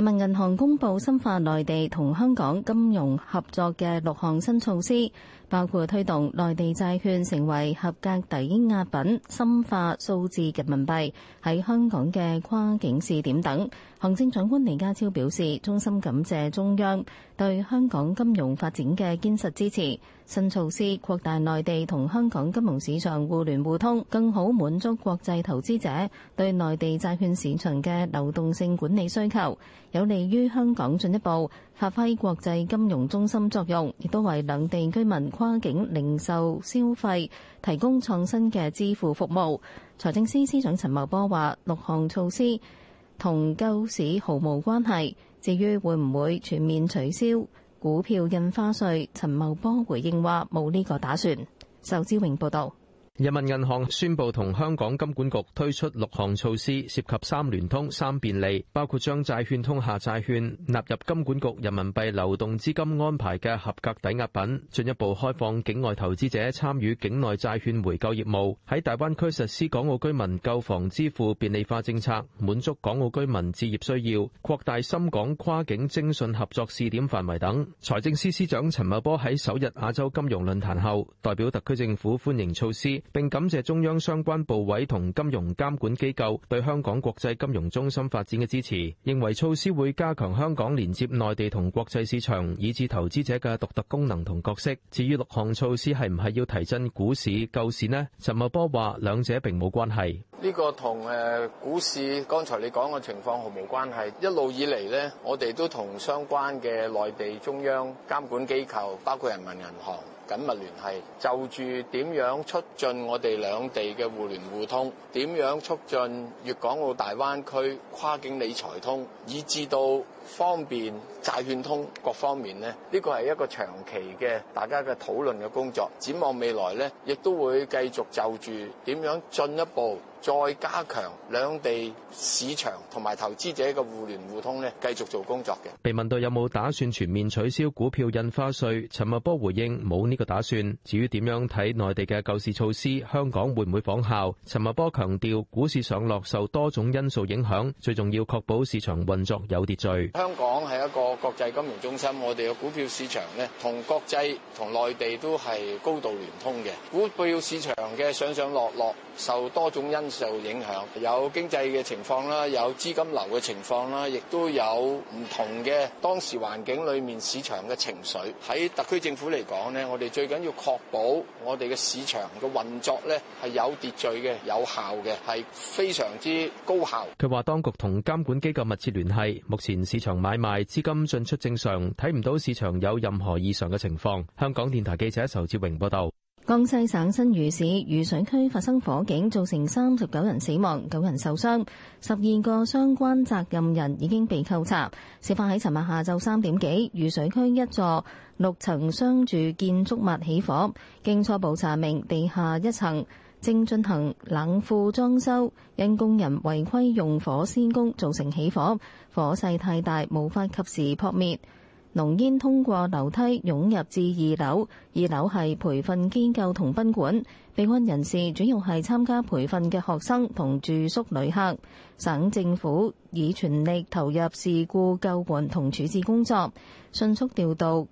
人民銀行公布深化內地同香港金融合作嘅六項新措施，包括推動內地債券成為合格抵押品、深化數字人民幣喺香港嘅跨境試點等。行政長官李家超表示，衷心感謝中央對香港金融發展嘅堅實支持。新措施擴大內地同香港金融市場互聯互通，更好滿足國際投資者對內地債券市場嘅流動性管理需求，有利於香港進一步發揮國際金融中心作用，亦都為兩地居民跨境零售消費提供創新嘅支付服務。財政司司長陳茂波話：六項措施同救市毫無關係，至於會唔會全面取消股票印花稅，陳茂波回應話冇呢個打算。仇志榮報道。人民銀行宣布同香港金管局推出六項措施，涉及三聯通、三便利，包括將債券通下債券納入金管局人民幣流動資金安排嘅合格抵押品，進一步開放境外投資者參與境內債券回購業務，喺大灣區實施港澳居民購房支付便利化政策，滿足港澳居民置業需要；擴大深港跨境徵信合作試點範圍等。財政司司司長陳茂波喺首日亞洲金融論壇後，代表特區政府歡迎措施。並感謝中央相關部委同金融監管機構對香港國際金融中心發展嘅支持，認為措施會加強香港連接內地同國際市場以至投資者嘅獨特功能同角色。至於六項措施係唔係要提振股市、救市呢？陳茂波話兩者並冇關係，呢個同誒股市剛才你講嘅情況毫無關係。一路以嚟呢，我哋都同相關嘅內地中央監管機構，包括人民銀行，緊密聯繫，就住點樣促進我哋兩地嘅互聯互通，點樣促進粵港澳大灣區跨境理財通，以至到方便債券通各方面咧，呢個係一個長期嘅大家嘅討論嘅工作。展望未來咧，亦都會繼續就住點樣進一步。再加強兩地市場同埋投資者嘅互聯互通咧，繼續做工作嘅。被問到有冇打算全面取消股票印花稅，陳茂波回應冇呢個打算。至於點樣睇內地嘅救市措施，香港會唔會仿效？陳茂波強調，股市上落受多種因素影響，最重要確保市場運作有秩序。香港係一個國際金融中心，我哋嘅股票市場咧，同國際同內地都係高度聯通嘅。股票市場嘅上上落落受多種因素受影響，有經濟嘅情況啦，有資金流嘅情況啦，亦都有唔同嘅當時環境裏面市場嘅情緒。喺特區政府嚟講呢，我哋最緊要確保我哋嘅市場嘅運作呢係有秩序嘅、有效嘅，係非常之高效。佢話：當局同監管機構密切聯繫，目前市場買賣資金進出正常，睇唔到市場有任何異常嘅情況。香港電台記者仇志榮報道。江西省新余市渝水區發生火警，造成三十九人死亡，九人受傷，十二個相關責任人已經被扣查。事發喺尋日下晝三點幾，渝水區一座六層商住建築物起火，經初步查明，地下一層正進行冷庫裝修，因工人違規用火施工造成起火，火勢太大，無法及時撲滅。濃煙通過樓梯湧入至二樓，二樓係培訓機構同賓館。被困人士主要係參加培訓嘅學生同住宿旅客。省政府已全力投入事故救援同處置工作，迅速調度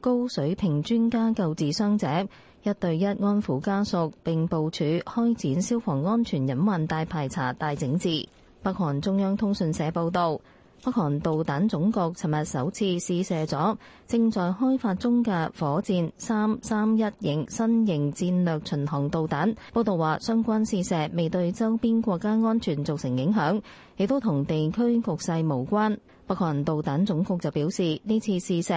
高水平專家救治傷者，一對一安撫家屬，並部署開展消防安全隱患大排查大整治。北韓中央通訊社報道。北韓導彈總局尋日首次試射咗正在開發中嘅火箭三三一型新型戰略巡航導彈。報道話，相關試射未對周邊國家安全造成影響，亦都同地區局勢無關。北韓導彈總局就表示，呢次試射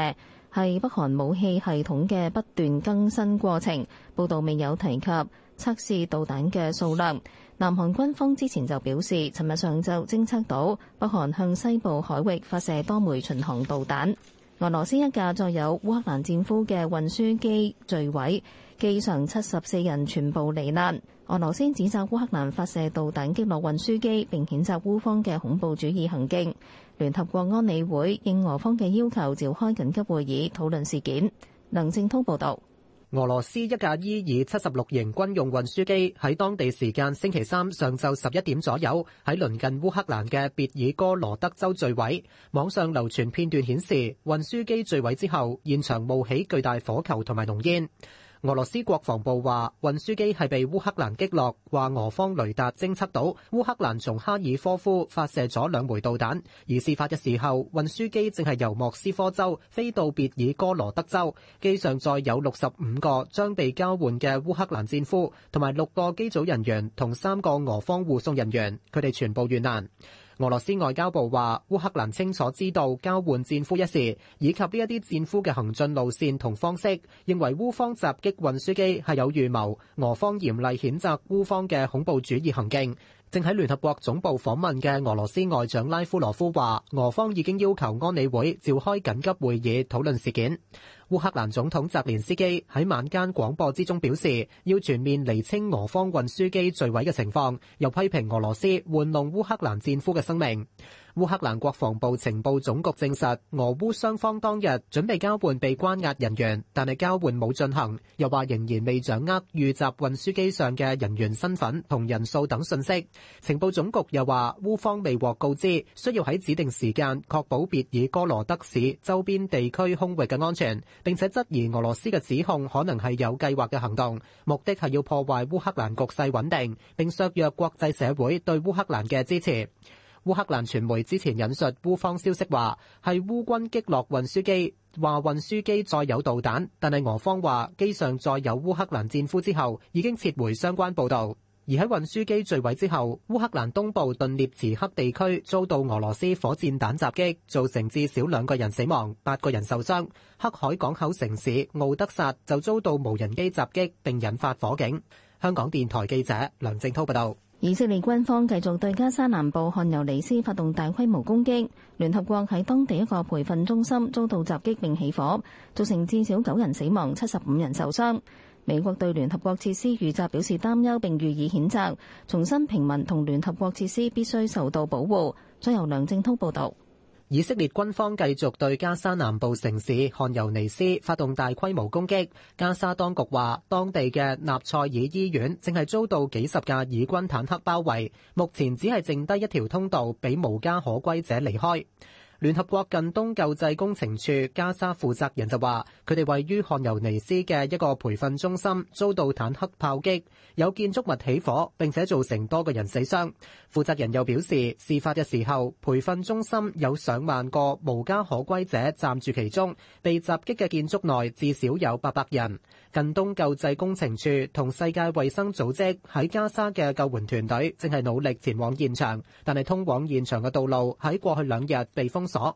係北韓武器系統嘅不斷更新過程。報道未有提及。測試導彈嘅數量。南韓軍方之前就表示，尋日上晝偵測到北韓向西部海域發射多枚巡航導彈。俄羅斯一架載有烏克蘭戰俘嘅運輸機墜毀，機上七十四人全部罹難。俄羅斯指責烏克蘭發射導彈擊落運輸機，並譴責烏方嘅恐怖主義行徑。聯合國安理會應俄方嘅要求召開緊急會議討論事件。梁正通報道。俄羅斯一架伊爾七十六型軍用運輸機喺當地時間星期三上晝十一點左右喺鄰近烏克蘭嘅別爾哥羅德州墜毀。網上流傳片段顯示，運輸機墜毀之後，現場冒起巨大火球同埋濃煙。俄羅斯國防部話，運輸機係被烏克蘭擊落，話俄方雷達偵測到烏克蘭從哈爾科夫發射咗兩枚導彈。而事發嘅時候，運輸機正係由莫斯科州飛到別爾哥羅德州，機上載有六十五個將被交換嘅烏克蘭戰俘，同埋六個機組人員同三個俄方護送人員，佢哋全部遇難。俄羅斯外交部話：烏克蘭清楚知道交換戰俘一事，以及呢一啲戰俘嘅行進路線同方式，認為烏方襲擊運輸機係有預謀。俄方嚴厲譴責烏方嘅恐怖主義行徑。正喺聯合國總部訪問嘅俄羅斯外長拉夫羅夫話：俄方已經要求安理會召開緊急會議討論事件。烏克蘭總統澤連斯基喺晚間廣播之中表示，要全面釐清俄方運輸機墜毀嘅情況，又批評俄羅斯玩弄烏克蘭戰俘嘅生命。烏克蘭國防部情報總局證實，俄烏雙方當日準備交換被關押人員，但係交換冇進行。又話仍然未掌握遇襲運輸機上嘅人員身份同人數等信息。情報總局又話，烏方未獲告知需要喺指定時間確保別爾哥羅德市周邊地區空域嘅安全，並且質疑俄羅斯嘅指控可能係有計劃嘅行動，目的係要破壞烏克蘭局勢穩定，並削弱國際社會對烏克蘭嘅支持。烏克蘭傳媒之前引述烏方消息話，係烏軍擊落運輸機，話運輸機再有導彈，但係俄方話機上載有烏克蘭戰俘之後，已經撤回相關報道。而喺運輸機墜毀之後，烏克蘭東部頓涅茨克地區遭到俄羅斯火箭彈襲擊，造成至少兩個人死亡、八個人受傷。黑海港口城市敖德薩就遭到無人機襲擊並引發火警。香港電台記者梁正濤報道。以色列軍方繼續對加沙南部汗尤尼斯發動大規模攻擊，聯合國喺當地一個培訓中心遭到襲擊並起火，造成至少九人死亡、七十五人受傷。美國對聯合國設施遇襲表示擔憂並予以譴責，重申平民同聯合國設施必須受到保護。將由梁正滔報導。以色列軍方繼續對加沙南部城市汗尤尼斯發動大規模攻擊。加沙當局話，當地嘅納賽爾醫院正係遭到幾十架以軍坦克包圍，目前只係剩低一條通道俾無家可歸者離開。聯合國近東救濟工程處加沙負責人就話：佢哋位於漢尤尼斯嘅一個培訓中心遭到坦克炮擊，有建築物起火，並且造成多個人死傷。負責人又表示，事發嘅時候，培訓中心有上萬個無家可歸者暫住其中，被襲擊嘅建築內至少有八百人。近東救濟工程處同世界衛生組織喺加沙嘅救援團隊正係努力前往現場，但係通往現場嘅道路喺過去兩日被封鎖。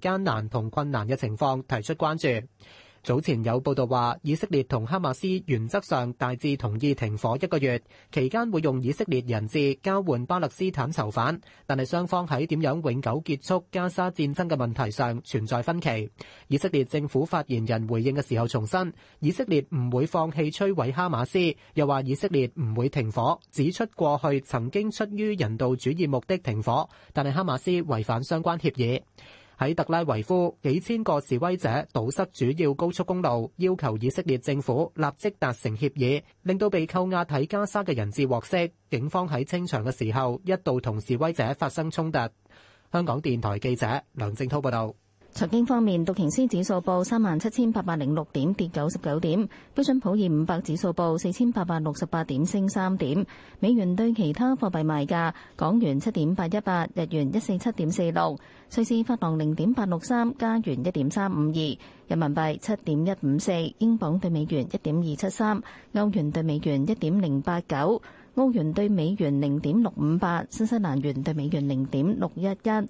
艱難同困難嘅情況提出關注。早前有報道話，以色列同哈馬斯原則上大致同意停火一個月，期間會用以色列人質交換巴勒斯坦囚犯。但係雙方喺點樣永久結束加沙戰爭嘅問題上存在分歧。以色列政府發言人回應嘅時候重申，以色列唔會放棄摧毀哈馬斯，又話以色列唔會停火，指出過去曾經出於人道主義目的停火，但係哈馬斯違反相關協議。喺特拉維夫，幾千個示威者堵塞主要高速公路，要求以色列政府立即達成協議，令到被扣押喺加沙嘅人質獲釋。警方喺清場嘅時候一度同示威者發生衝突。香港電台記者梁正濤報道。財經方面，道瓊斯指數報三萬七千八百零六點，跌九十九點；標準普爾五百指數報四千八百六十八點，升三點。美元對其他貨幣賣價，港元七點八一八，日元一四七點四六，瑞士法郎零點八六三，加元一點三五二，人民幣七點一五四，英鎊對美元一點二七三，歐元對美元一點零八九。歐元對美元零點六五八，新西蘭元對美元零點六一一，倫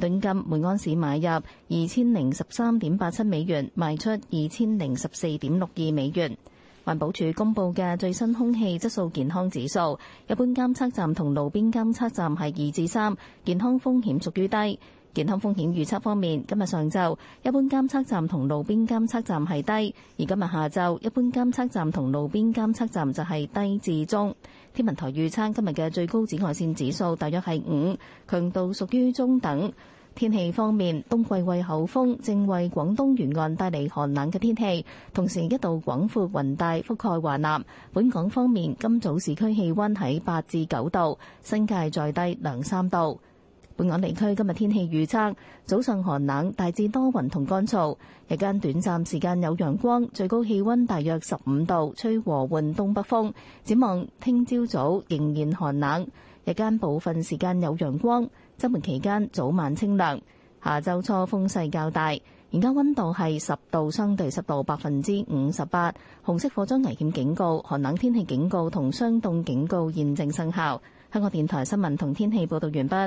敦金每安士買入二千零十三點八七美元，賣出二千零十四點六二美元。環保署公布嘅最新空氣質素健康指數，一般監測站同路邊監測站係二至三，健康風險屬於低。健康風險預測方面，今日上晝一般監測站同路邊監測站係低，而今日下晝一般監測站同路邊監測站就係低至中。天文台預測今日嘅最高紫外線指數大約係五，強度屬於中等。天氣方面，冬季季候風正為廣東沿岸帶嚟寒冷嘅天氣，同時一道廣闊雲帶覆蓋華南。本港方面，今早市區氣温喺八至九度，新界再低兩三度。本港地區今日天氣預測：早上寒冷，大致多雲同乾燥，日間短暫時間有陽光，最高氣溫大約十五度，吹和緩東北風。展望聽朝早仍然寒冷，日間部分時間有陽光。週末期間早晚清涼，下週初風勢較大。而家溫度係十度，相對濕度百分之五十八，紅色火災危險警告、寒冷天氣警告同霜凍警告現正生效。香港電台新聞同天氣報道完畢。